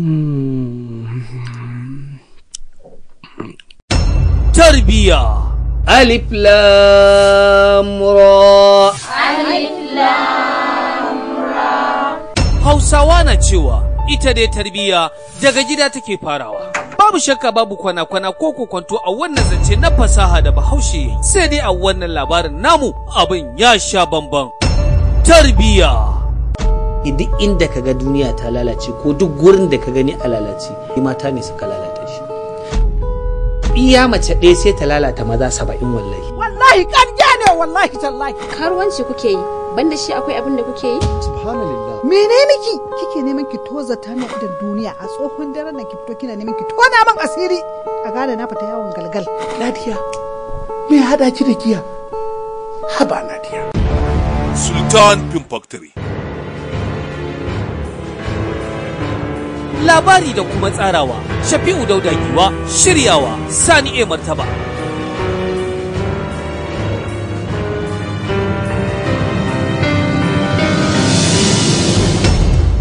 Hmm. Tarbiya Alif Lamura Alif Lamura Hausawa na cewa ita dai tarbiya daga gida take farawa. Babu shakka babu kwana-kwana ko kwanto a wannan zance na fasaha da bahaushe sai dai a wannan labarin namu abin ya sha bamban. Tarbiya Eh, duk inda ka ga duniya ta lalace ko duk gurin da ka gani a lalace mata ne suka lalata shi iya mace ɗaya sai ta lalata maza saba'in wallahi wallahi ƙarya ne wallahi tallahi karuwanci kuke yi banda shi akwai abin da kuke yi subhanallah mene miki kike neman ki toza ta ne idan duniya a tsohon daren da ki fito kina neman ki tona man asiri a gane na fita yawon galgal nadiya me hada ki da giya haba nadiya sultan pimpactory labari da kuma tsarawa shafi'u dauda giwa shiryawa sani a martaba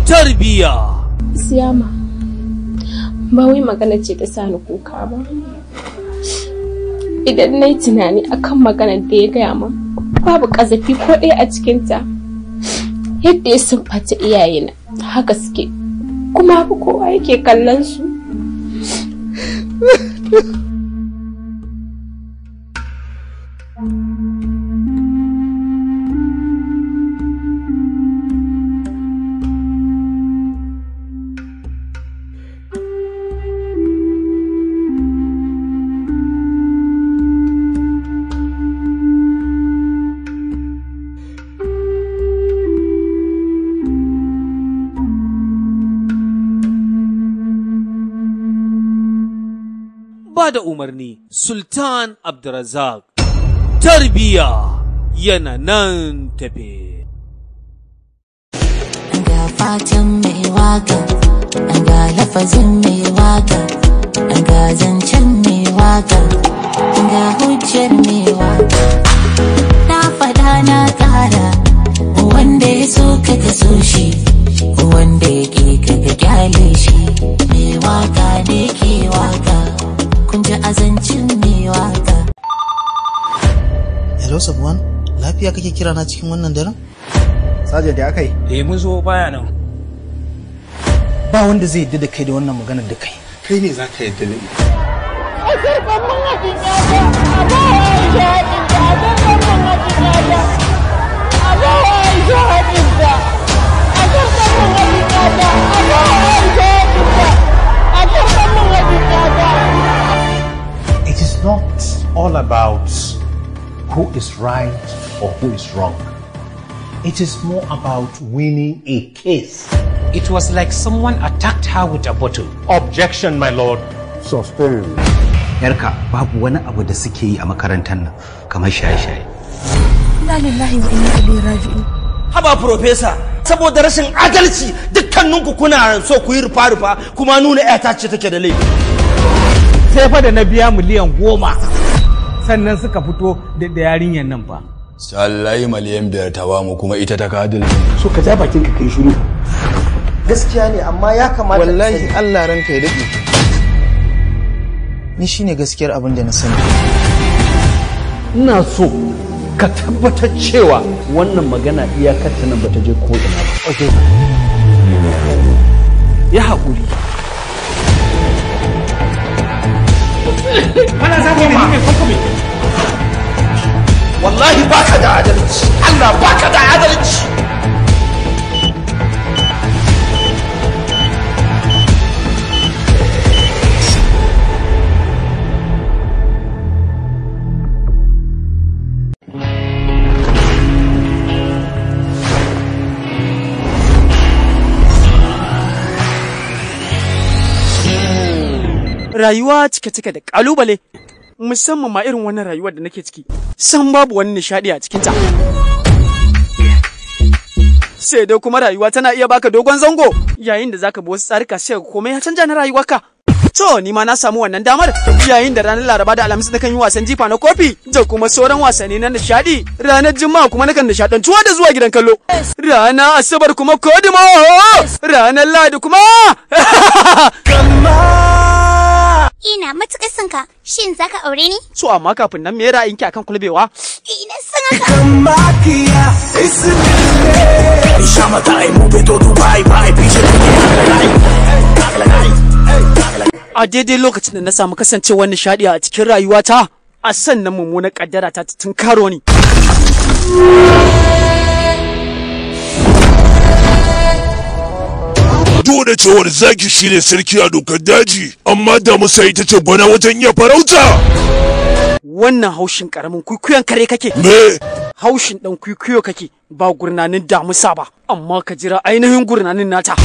tarbiya siyama ba wai magana ce ta sani kuka ba idan na yi tunani akan maganar da ya gaya ma babu ƙazafi ko ɗaya a cikinta yadda ya sumfata iyayena haka suke kuma kowa yake kallon su ba da umarni Sultan Abdulrazak tarbiya yana nan tafe. Ga fatan mai waka, ga lafazin mai waka, ga zancen mai waka, ga hujjar mai waka. Na fada na ƙara, wanda ya so ka so shi, wanda ya ke ka kyale shi. a zancin Hello Sabuwan, lafiya kake kira na cikin wannan daren? Sajan da aka yi? Eh mun zo baya nan. Ba wanda zai yadda da kai da wannan maganar da kai. Kai ne za ka yadda da ita. who is right or who is wrong. It is more about winning a case. It was like someone attacked her with a bottle. Objection, my lord. Sustained. Yarka, babu wani abu da suke yi a makarantar nan kamar shaye-shaye. Ina wa inna ilaihi raji'un. Haba profesa saboda rashin adalci dukkaninku kuna so ku yi rufa-rufa kuma nuna 'yata ce take da laifi. Sai fa da na biya miliyan goma. sannan suka fito da yarinyar nan fa sallai miliyan biyar ta mu kuma ita ta kadin so ka ja bakin ka kai shiru gaskiya ne amma ya kamata wallahi Allah ranka ya dade ni shine gaskiyar abin da na sani ina so ka tabbatar cewa wannan magana iyakar ta nan bata je ko ina ba okay ya haƙuri ana zafi والله باك دا عدلت حنا باك دا عدلت رايوات كتكدك علوبة ليه musamman ma irin wannan rayuwar da nake ciki san babu wani nishaɗi a cikinta sai dai kuma rayuwa tana iya baka dogon zango yayin da zaka bi wasu tsarika sai komai ya canja na rayuwarka To ni ma na samu wannan damar yayin da ranar Laraba da Alhamis nakan yi wasan jifa na kofi da kuma sauran wasanni na nishadi. Ranar Juma'a kuma nakan nishadantuwa da zuwa gidan kallo. Rana Asabar kuma Kodimo. Ranar Ladi kuma. Ina matuƙar son ka, shin za ka aure ni? So amma kafin nan me ra'ayinki akan kulbewa? Ina son haka. Kamakiya ismi. Isha mata ai mu beto Dubai bai fice A daidai lokacin da na samu kasancewar nishaɗi a cikin rayuwata, a sannan mummunar ƙaddara ta tun karo ni. fito da cewar zaki shine sarki a dokar daji amma da musa ita ce gwana wajen iya farauta wannan haushin karamin kwikwiyon kare kake me haushin dan kwikwiyo kake ba gurnanin damusa ba amma ka jira ainihin gurnanin nata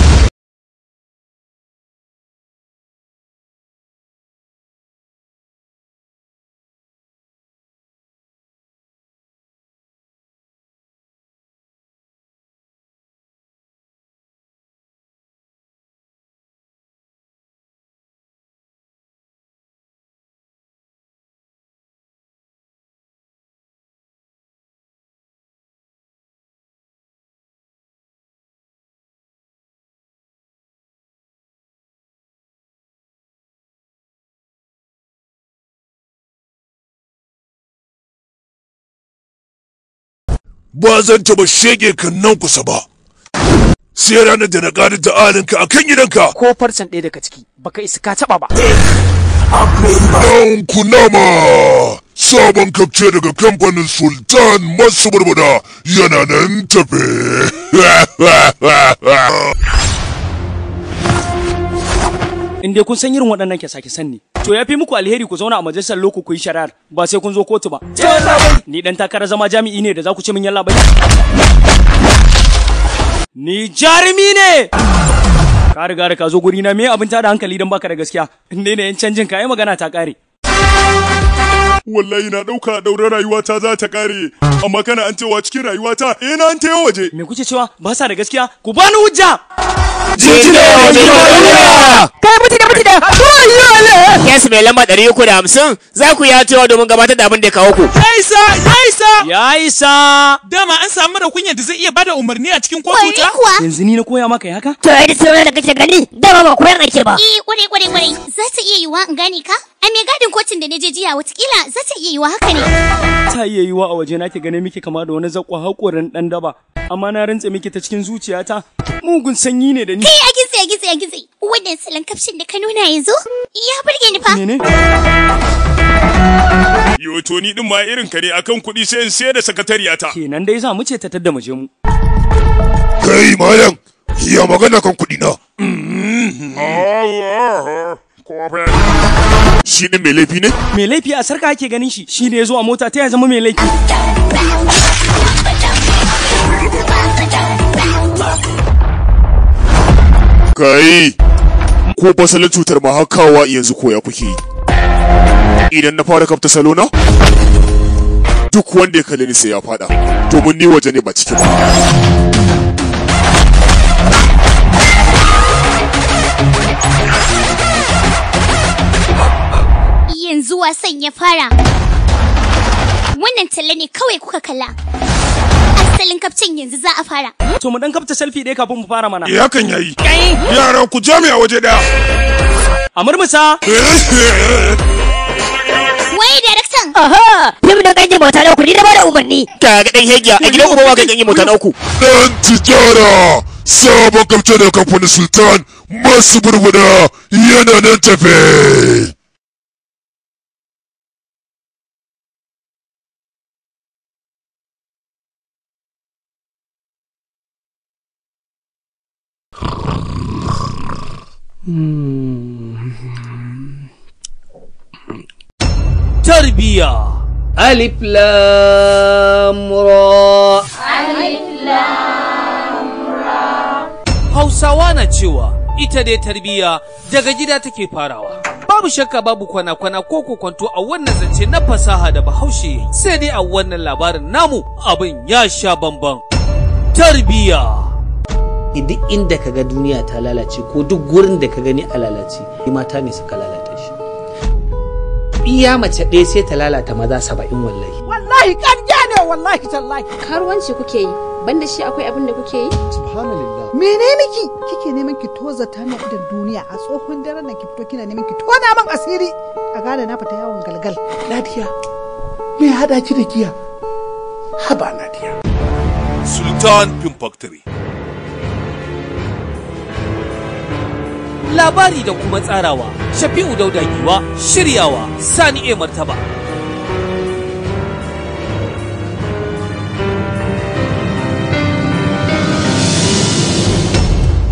ba zan taɓa shege kan nan kusa ba. Sai ranar da na gani da alinka a kan gidanka. Ko farcen ɗaya daga ciki baka isa ka taɓa ba. nan kunama sabon kafce daga kamfanin Sultan masu barbada yana nan tafe. In dai kun san irin waɗannan kyasa ne, To ya fi muku alheri ku zauna a majalisar loko ku yi shari'ar ba sai kun zo kotu ba. Ni dan takarar zama jami'i ne da za ku ce min yalla bai. Ni jarumi ne. Ka riga da ka zo guri na me abin tada hankali dan baka da gaskiya. Ne ne yan canjin ka yi magana ta kare. wallahi na dauka daura rayuwata za ta kare amma kana an cewa cikin rayuwata eh na an tayo waje me kuke cewa ba sa da gaskiya ku bani hujja jinjina waje kai mutu da mutu da yes mai lamba 350 za ku ya cewa domin gabatar da abin da ya kawo ku ya sa! ya sa! ya isa dama an samu da kunya da zai iya bada umarni a cikin kotu ta yanzu ni na koya maka haka to ai da sauran da kake gani dama ba koyar ake ba eh kure kure kure za ta iya yiwa in gane ka Ai me gadin kotun da naje jiya watakila za ta iya yiwa haka ne. Ta iya yiwa a waje na ke ganin miki kama da wani zakwa haƙorin ɗan daba. Amma na rantse miki ta cikin zuciyata mugun sanyi ne da ni. Kai a gitse a gitse a gitse. Wannan salon kafshin da ka nuna yanzu ya burge ni fa. Mene? Yo to ni din ma irin ka ne akan kuɗi sai in sayar da sakatariyata. Kenan dai za mu ce ta tadda mu je mu. Kai malam, ya magana kan kuɗi na. Mm-hmm. Ah, ah, ah. Shi ne mai laifi ne? Mai laifi a sarka ake ganin shi, shi ne ya mota ta ya zama mai laifi. Kai, ko fasalin cutar ma hakawa yanzu koya kuke yi. Idan na fara kafta salona? Duk wanda ya kalli ni sai ya fada, to mun ni waje ne ba cikin ba. zuwa san ya fara. Wannan Talle ne kawai kuka kalla. Asalin kafcin yanzu za a fara. To mu dan kafta selfie ɗaya kafin mu fara mana. Ya eh, kan yayi. Yara ku je mu a waje ɗaya. A murmusa. Wai direction. Aha! ni da kan yi mota na ku ni da ba da umarni. Ka ga dan hegiya a gidan uba kan yi mota na ku. Dan tijara. Sabon kafce da kafin Sultan masu burbuda yana nan tafe. تربية ألف لام را ألف Hausawa na cewa ita dai tarbiyya daga gida take farawa. Babu shakka babu kwana-kwana ko kokwanto a wannan zance na fasaha da bahaushe sai dai a wannan labarin namu abin ya sha bamban. Tarbiyya duk inda ka ga duniya ta lalace ko duk gurin da ka gani a lalace mata ne suka lalata shi iya mace ɗaya sai ta lalata maza saba'in wallahi wallahi ƙarya ne wallahi tallahi karuwanci kuke yi banda shi akwai abin da kuke yi subhanallah mene miki kike neman ki toza ta na idan duniya a tsohon daren nan ki fito kina neman ki tona man asiri a gane na fita yawon galgal nadiya me ya hada ki da giya haba nadiya sultan pimpactory labari da kuma tsarawa shafi'u dauda giwa shiryawa sani e martaba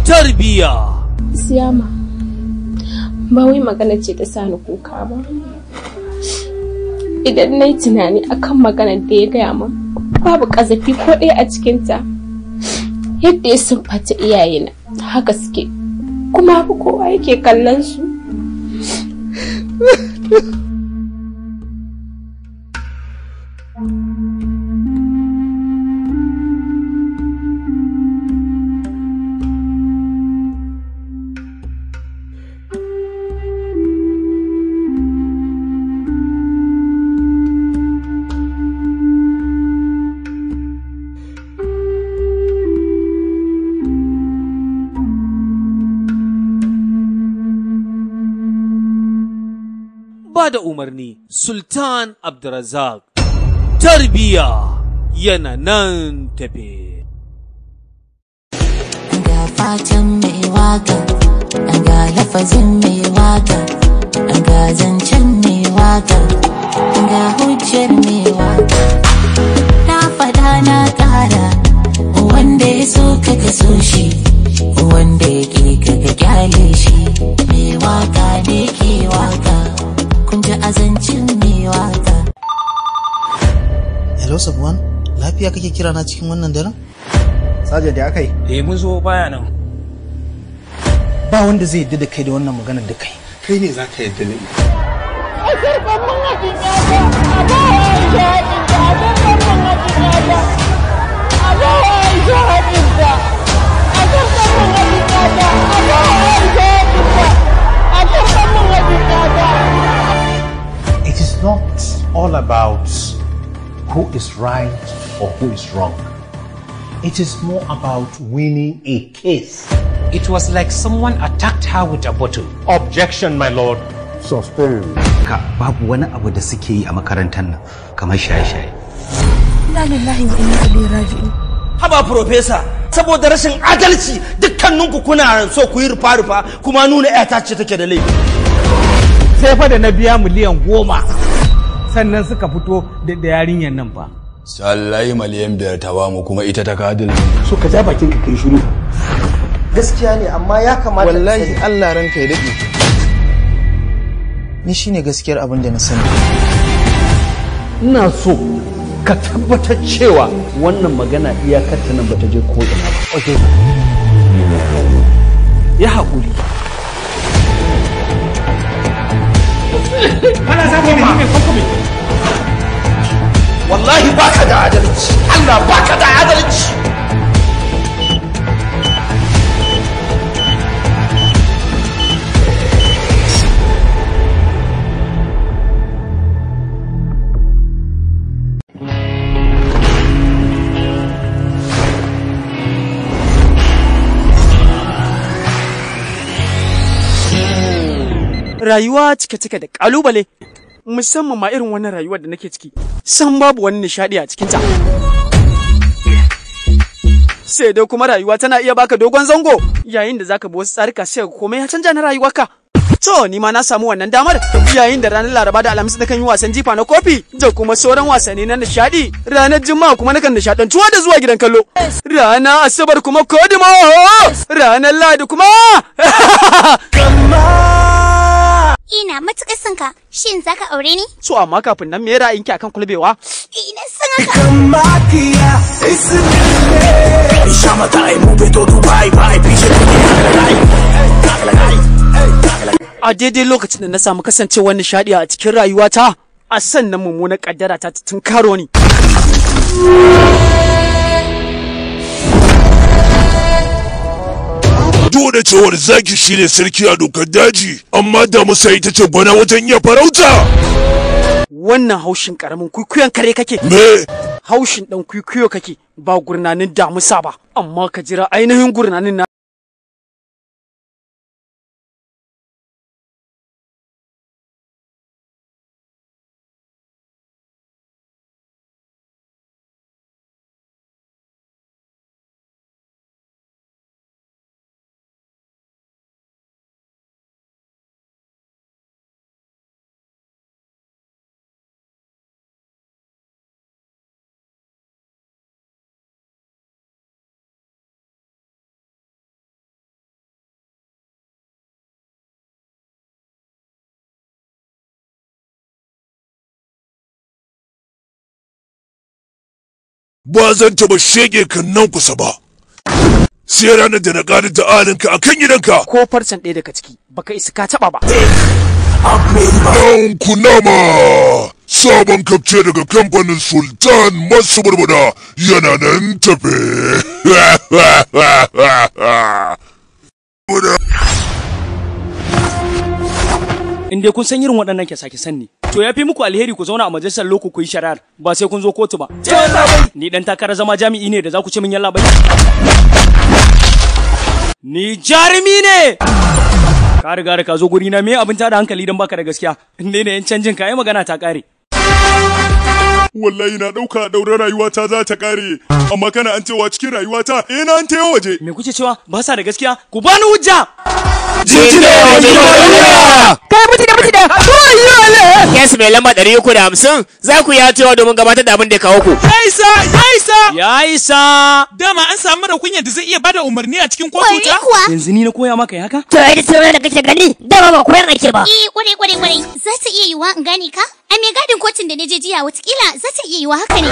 tarbiya siyama ba wai magana ce ta sani kuka ba idan na yi tunani akan magana da ya gaya min babu ƙazafi ko ɗaya a cikinta yadda ya sumfata iyayena haka suke kuma ku kowa yake kallon su Thank you. da umarni Sultan Abdulrazak tarbiya yana nan tafe. Ga fatan mai waka, ga lafazin mai waka, ga zancen mai waka, ga hujjar mai waka. Na faɗa na ƙara, wanda ya so ka so shi, wanda ya ga ka kyale shi. Hello Sabuwan, lafiya kake kira na cikin wannan daren? Saja da akai. Eh mun zo baya nan. Ba wanda zai yadda da kai da wannan maganar da kai. Kai ne za ka yadda da ni. It is not all about who is right or who is wrong. It is more about winning a case. It was like someone attacked her with a bottle. Objection, my lord. Sustained. Ka babu wani abu da suke yi a makarantar nan kamar shaye-shaye. Ina wa Haba professor, saboda rashin adalci dukkaninku kuna so ku yi rufa-rufa kuma nuna ta ce take da laifi. Sai fa da na biya miliyan goma. sannan suka fito da yarinyar nan fa sallai maliyan biyar ta ba mu kuma ita ta kadin so ka ja bakin ka kai shiru gaskiya ne amma ya kamata wallahi Allah ranka ya dade ni shine gaskiyar abin da na sani ina so ka tabbatar cewa wannan magana iyakar ta nan bata je ko ina ba okay ya haƙuri ana za mu ne ko wallahi baka da adalci Allah baka da adalci rayuwa cike cike da kalubale musamman ma irin wannan rayuwar da nake ciki san babu wani nishadi a cikinta sai dai kuma rayuwa tana iya baka dogon zango yayin da zaka bi wasu tsarika sai komai ya canja na rayuwarka to ni ma na samu wannan damar yayin da ranar laraba da alhamis na kan yi wasan jifa na kofi da kuma sauran wasanni na nishadi ranar juma'a kuma nakan nishadantuwa da zuwa gidan kallo ranar asabar kuma kodimo ranar ladi kuma Ina matuƙar son ka, shin za ka aure ni? So amma kafin nan me ra'ayin ki akan kulbewa? Ina son haka. Isha mata ai mu to Dubai bai fice A daidai lokacin da na samu kasancewar nishaɗi a cikin rayuwata, a sannan mummunar ƙaddara ta tun karo ni. duk da cewar zaki shine sarki a dokar daji amma da musa ita ce gwana wajen iya farauta wannan haushin karamin kwikwiyon kare kake me haushin dan kwikwiyo kake ba gurnanin damusa ba amma ka jira ainihin gurnanin na ba zan taɓa shege kan nan kusa ba sai ranar da na gani da alinka a kan gidanka ko farcen ɗaya daga ciki baka isa ka taɓa ba nan kunama sabon kafce daga kamfanin sultan masu burbuda yana nan tafe Inde kun san irin waɗannan ke sake sanni To ya fi muku alheri ku zauna a majalisar loko ku yi shari'ar ba sai kun zo kotu ba. Ni dan takarar zama jami'i ne da za ku ce min yalla bai. Ni jarumi ne. Ka riga da ka zo guri na me abin tada hankali dan baka da gaskiya. Ne ne yan canjin ka yi magana ta kare. wallahi na dauka daura rayuwata za ta kare amma kana an cewa cikin rayuwata eh na an tayo waje me kuke cewa ba sa da gaskiya ku bani hujja jinjina waje kai mutu da mutu da yes mai lamba 350 za ku ya cewa domin gabatar da abin da ya kawo ku yaisa yaisa yaisa dama an samu da kunya da zai iya bada umarni a cikin kotu ta yanzu ni na koya maka haka to da sauran da kake gani dama ba koyar ake ba eh kure kure kure za ta iya yiwa in gane ka Ai me gadin kotun da naje jiya watakila za ta iya yiwa haka ne.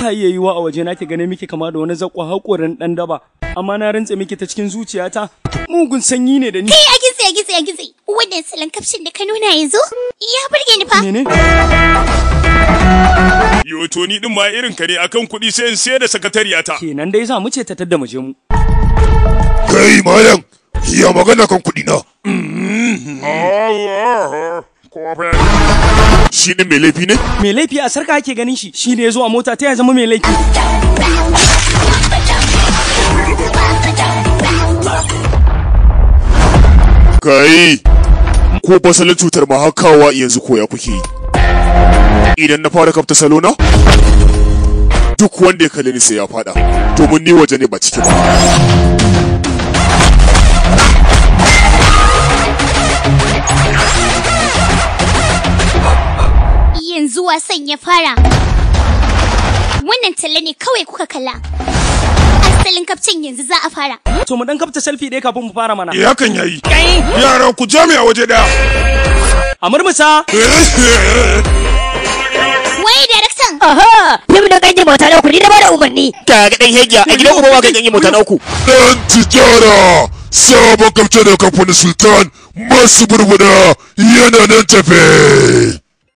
Ta iya yiwa a waje na ke ganin miki kama da wani zakwa haƙorin ɗan daba. Amma na rantse miki ta cikin zuciyata mugun sanyi ne da ni. Kai a gitsi a gitsi a gitse. Wannan salon kafshin da ka nuna yanzu ya burge ni fa. Mene? Yo to ni din ma irin ka ne akan kuɗi sai in sayar da sakatariyata. Kenan dai za mu ce ta tadda mu je mu. Kai malam, ya magana kan kuɗi na. Mm-hmm. Ah, ah, ah. Shi ne mai laifi ne? Mai laifi a sarka ake ganin shi, shi ne ya mota ta ya zama mai laifi. Kai, ko fasalin cutar ma yanzu koya kuke yi. Idan na fara kafta salo na, Duk wanda ya kalli ni sai ya fada, to mun ni waje ne ba cikin ba. wasan ya fara. Wannan talle ne kawai kuka kalla. Asalin kafcin yanzu za a fara. To mu dan kafta selfie dai kafin mu fara mana. Ya eh, kan yayi. Yara ku jami'a waje da. A murmusa. Wai direction. Aha, ni da kan yi mota na ku ni da ba da umarni. Ka ga dan hegiya a gidan uba kan yi mota na ku. Dan tijara. Sabon kafce da kafin Sultan masu burbuda yana nan tafe.